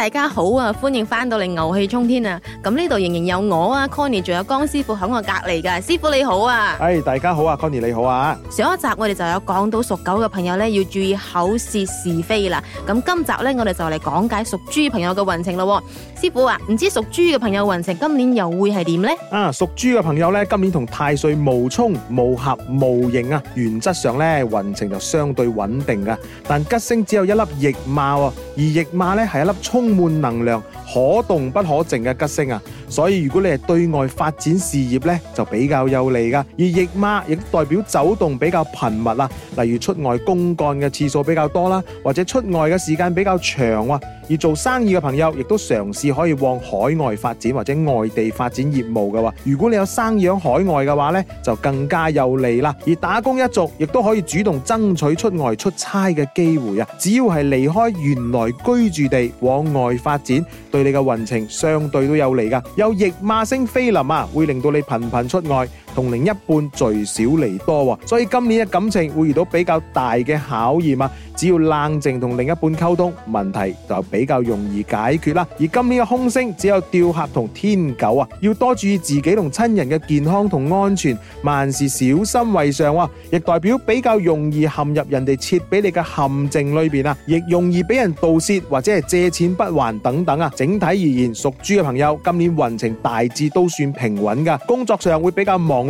大家好啊，歡迎翻到嚟，牛氣沖天啊！咁呢度仍然有我啊，Connie，仲有江師傅喺我隔籬噶，師傅你好啊！哎，大家好啊，Connie 你好啊！上一集我哋就有講到屬狗嘅朋友咧，要注意口舌是非啦。咁今集咧，我哋就嚟講解屬豬朋友嘅運程咯。師傅啊，唔知屬豬嘅朋友運程今年又會係點咧？啊，屬豬嘅朋友咧，今年同太歲無沖、無合、無刑啊，原則上咧運程就相對穩定噶。但吉星只有一粒驛馬喎，而驛馬咧係一粒沖。充滿能量，可動不可靜嘅吉星啊！所以如果你係對外發展事業咧，就比較有利噶。而驛馬亦代表走動比較頻密啊，例如出外公幹嘅次數比較多啦，或者出外嘅時間比較長喎。而做生意嘅朋友，亦都嘗試可以往海外發展或者外地發展業務嘅喎。如果你有生意喺海外嘅話咧，就更加有利啦。而打工一族亦都可以主動爭取出外出差嘅機會啊，只要係離開原來居住地往外發展，對你嘅運程相對都有利噶。有驛馬星飛臨啊，會令到你頻頻出外。同另一半聚少離多，所以今年嘅感情會遇到比較大嘅考驗啊！只要冷靜同另一半溝通，問題就比較容易解決啦。而今年嘅空星只有弔客同天狗啊，要多注意自己同親人嘅健康同安全，萬事小心為上啊！亦代表比較容易陷入人哋設俾你嘅陷阱裏邊啊，亦容易俾人盜竊或者係借錢不還等等啊！整體而言，屬豬嘅朋友今年運程大致都算平穩噶，工作上會比較忙。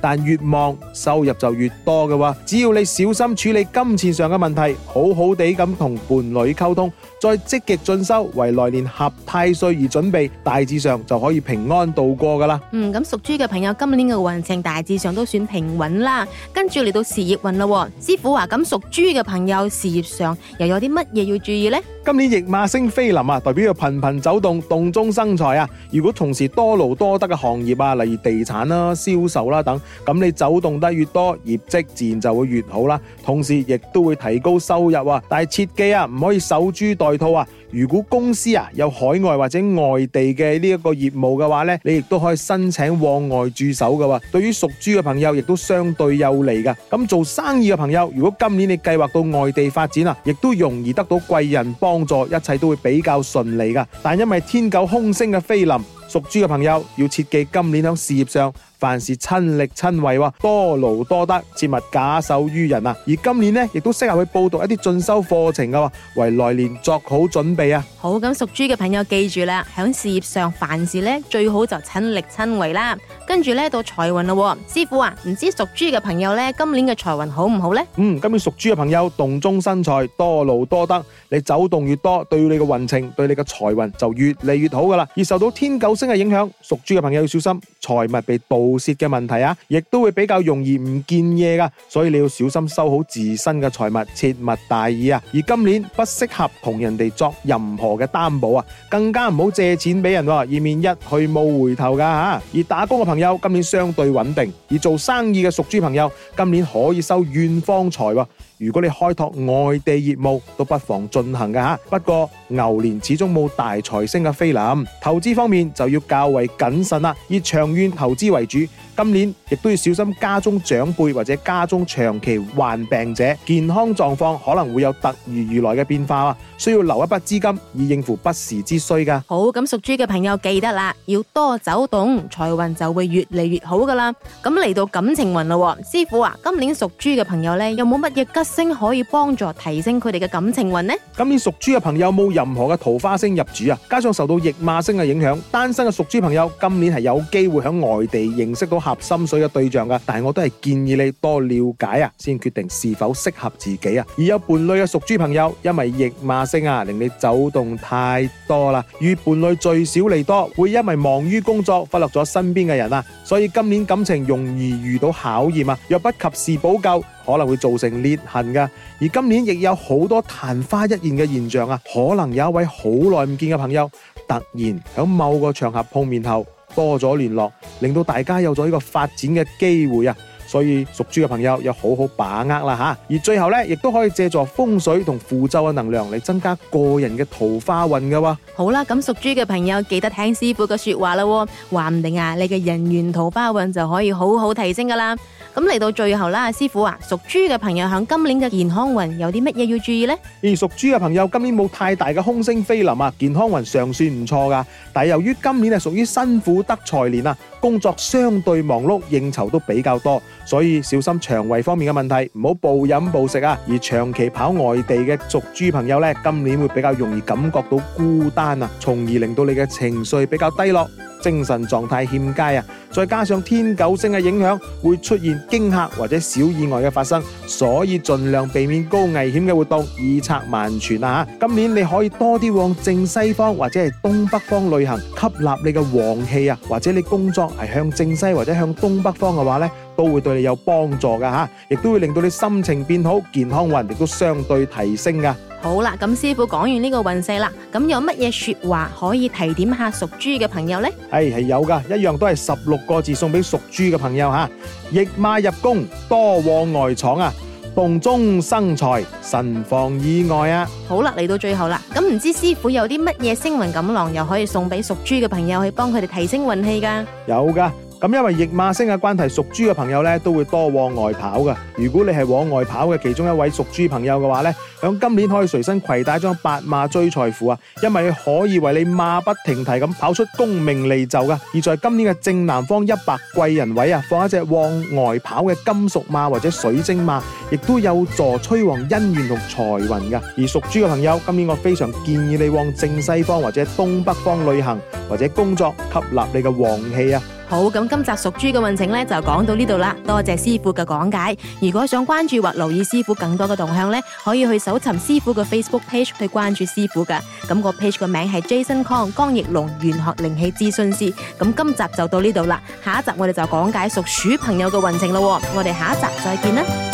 但越忙收入就越多嘅喎，只要你小心處理金錢上嘅問題，好好地咁同伴侶溝通，再積極進修，為來年合太歲而準備，大致上就可以平安度過噶啦。嗯，咁屬豬嘅朋友今年嘅運程大致上都算平穩啦。跟住嚟到事業運啦，師傅話咁屬豬嘅朋友事業上又有啲乜嘢要注意呢？今年驛馬星飛臨啊，代表佢頻頻走動，動中生財啊。如果從事多勞多得嘅行業啊，例如地產啦、銷售啦等。咁你走動得越多，業績自然就會越好啦，同時亦都會提高收入啊。但係切記啊，唔可以守株待兔啊。如果公司啊有海外或者外地嘅呢一個業務嘅話咧，你亦都可以申請往外駐守噶對於屬豬嘅朋友，亦都相對有利㗎。咁做生意嘅朋友，如果今年你計劃到外地發展啊，亦都容易得到貴人幫助，一切都會比較順利噶。但因為天狗空星嘅飛臨，屬豬嘅朋友要切記，今年響事業上凡事親力親為，多勞多得，切勿假手於人啊！而今年呢，亦都適合去報讀一啲進修課程噶，為來年作好準備啊！好，咁屬豬嘅朋友記住啦，響事業上凡事呢最好就親力親為啦。跟住咧到財運咯，師傅啊，唔知屬豬嘅朋友咧今年嘅財運好唔好呢？嗯，今年屬豬嘅朋友動中生財，多勞多得。你走動越多，對你嘅運程、對你嘅財運就越嚟越好噶啦。而受到天狗星嘅影響，屬豬嘅朋友要小心財物被盜竊嘅問題啊，亦都會比較容易唔見嘢噶，所以你要小心收好自身嘅財物，切勿大意啊。而今年不適合同人哋作任何嘅擔保啊，更加唔好借錢俾人啊，以免一去冇回頭噶啊吓。而打工嘅朋友。有今年相對穩定，而做生意嘅屬豬朋友今年可以收遠方財喎。如果你開拓外地業務，都不妨進行嘅吓。不過。牛年始終冇大財星嘅飛臨，投資方面就要較為謹慎啦，以長遠投資為主。今年亦都要小心家中長輩或者家中長期患病者健康狀況可能會有突如如來嘅變化啊，需要留一筆資金以應付不時之需噶。好，咁屬豬嘅朋友記得啦，要多走動，財運就會越嚟越好噶啦。咁嚟到感情運咯，師傅啊，今年屬豬嘅朋友呢，有冇乜嘢吉星可以幫助提升佢哋嘅感情運呢？今年屬豬嘅朋友有冇？任何嘅桃花星入主啊，加上受到驛馬星嘅影響，單身嘅屬豬朋友今年係有機會響外地認識到合心水嘅對象噶，但係我都係建議你多了解啊，先決定是否適合自己啊。而有伴侶嘅屬豬朋友，因為驛馬星啊令你走動太多啦，與伴侶聚少離多，會因為忙於工作忽略咗身邊嘅人啊，所以今年感情容易遇到考驗啊，若不及時補救。可能會造成裂痕㗎，而今年亦有好多曇花一現嘅現象啊！可能有一位好耐唔見嘅朋友，突然喺某個場合碰面後多咗聯絡，令到大家有咗呢個發展嘅機會啊！所以屬豬嘅朋友要好好把握啦吓、啊，而最後咧，亦都可以借助風水同符咒嘅能量嚟，增加個人嘅桃花運嘅、啊。好啦，咁屬豬嘅朋友記得聽師傅嘅說話啦，話唔定啊，你嘅人緣桃花運就可以好好提升噶啦。咁嚟到最後啦，師傅啊，屬豬嘅朋友響今年嘅健康運有啲乜嘢要注意呢？而，屬豬嘅朋友今年冇太大嘅空星飛臨啊，健康運尚算唔錯噶，但係由於今年係屬於辛苦得財年啊，工作相對忙碌，應酬都比較多。所以小心腸胃方面嘅問題，唔好暴飲暴食啊。而長期跑外地嘅屬豬朋友呢，今年會比較容易感覺到孤單啊，從而令到你嘅情緒比較低落，精神狀態欠佳啊。再加上天狗星嘅影響，會出現驚嚇或者小意外嘅發生，所以盡量避免高危險嘅活動，以策萬全啊。今年你可以多啲往正西方或者係東北方旅行，吸納你嘅旺氣啊。或者你工作係向正西或者向東北方嘅話呢。都會對你有幫助噶吓，亦都會令到你心情變好，健康運亦都相對提升噶。好啦，咁師傅講完呢個運勢啦，咁有乜嘢說話可以提點下屬豬嘅朋友咧？誒，係有噶，一樣都係十六個字送俾屬豬嘅朋友吓，驛馬入宮多往外闖啊，動中生財，慎防意外啊。好啦，嚟到最後啦，咁唔知師傅有啲乜嘢星運錦囊又可以送俾屬豬嘅朋友去幫佢哋提升運氣噶？有噶。咁因為驛馬星嘅關係，屬豬嘅朋友咧都會多往外跑噶。如果你係往外跑嘅其中一位屬豬朋友嘅話呢，響今年可以隨身攜帶張八馬追財符啊，因為可以為你馬不停蹄咁跑出功名利就噶。而在今年嘅正南方一百貴人位啊,放一隻往外跑嘅金屬馬或者水晶馬，亦都有助催旺姻緣同財運噶。而屬豬嘅朋友，今年我非常建議你往正西方或者東北方旅行或者工作，吸納，吸納你嘅旺氣啊。好，咁今集屬豬嘅運程咧就講到呢度啦，多謝師傅嘅講解。如果想關注或留意師傅更多嘅動向咧，可以去搜尋師傅嘅 Facebook page 去關注師傅㗎。咁個 page 嘅名係 Jason Kong 江奕龍玄學靈氣諮詢師。咁今集就到呢度啦，下一集我哋就講解屬鼠朋友嘅運程咯。我哋下一集再見啦。